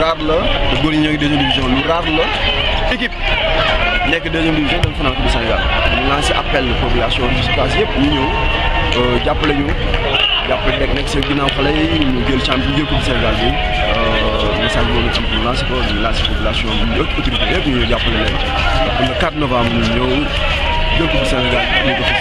rare la te góor ñi ñoo ngi deuxième division lu rare la équipe nekk deuxième division dem final du Sénégal ñu lancé appel population du space yëpp ñu ñëw euh, jàppale ñu jàppale nekk nekk seen ginnaaw xale yi ñu jël champion jël coupe Sénégal bi euh, message boobu ci ñu lancé ko ñu lancé population bi ñu autorité yëpp ñu ñëw jàppale leen le 4 novembre ñu ñëw jël coupe Sénégal bi